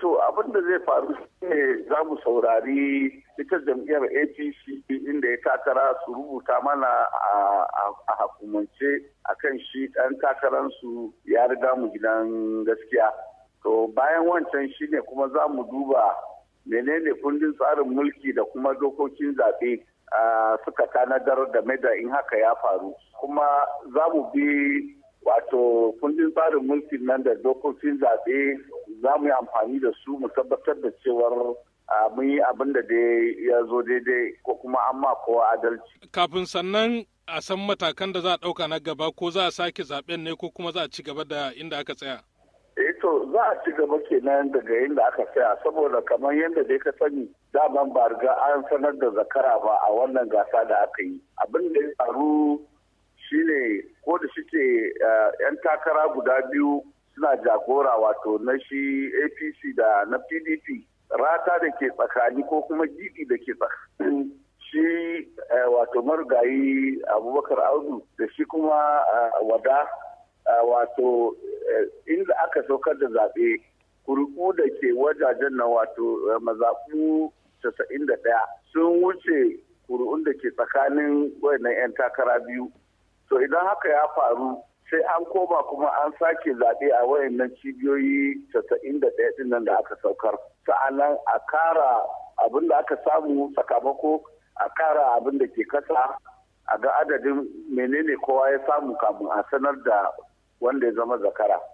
to abin da zai faru ne za mu saurari ita jam'iyyar apc inda ya takara su rubuta mana a hukumance kan shi ɗan takaransu ya riga mu gidan gaskiya to bayan wancan shi ne kuma za mu duba menene kundin tsarin mulki da kuma dokokin zaɓe suka tanadar da da in haka ya faru kuma za mu bi wato kundin tsarin mulkin nan da dokokin zaɓe za mu yi amfani da su mu tabbatar da cewar mun yi abin da dai ya zo daidai ko kuma an ma kowa adalci. Kafin sannan a san matakan da za a ɗauka na gaba ko za a sake zaben ne ko kuma za a ci gaba da inda aka tsaya. eh to za a ci gaba kenan daga inda aka tsaya saboda kamar yadda dai ka sani daman ba riga an sanar da zakara ba a wannan gasa da aka yi abin da ya faru shine ko da shike eh, yan takara guda biyu suna jagora wato na shi apc da na pdp rata da ke tsakani ko kuma gidi da ke tsakani shi eh, wato marigayi abubakar audu da shi kuma eh, wada eh, wato inda aka saukar da zaɓe kurku da ke wajajen na wato mazaɓu 91 sun wuce kuru'un da ke tsakanin wayannan 'yan takara biyu to idan haka ya faru sai an koma kuma an sake zaɓe a wayannan cibiyoyi 91 ɗin nan da aka saukar sa'annan a kara abin da aka samu sakamako a kara abin da ke kasa a ga adadin menene kowa ya samu kafin a sanar da wanda ya zama zakara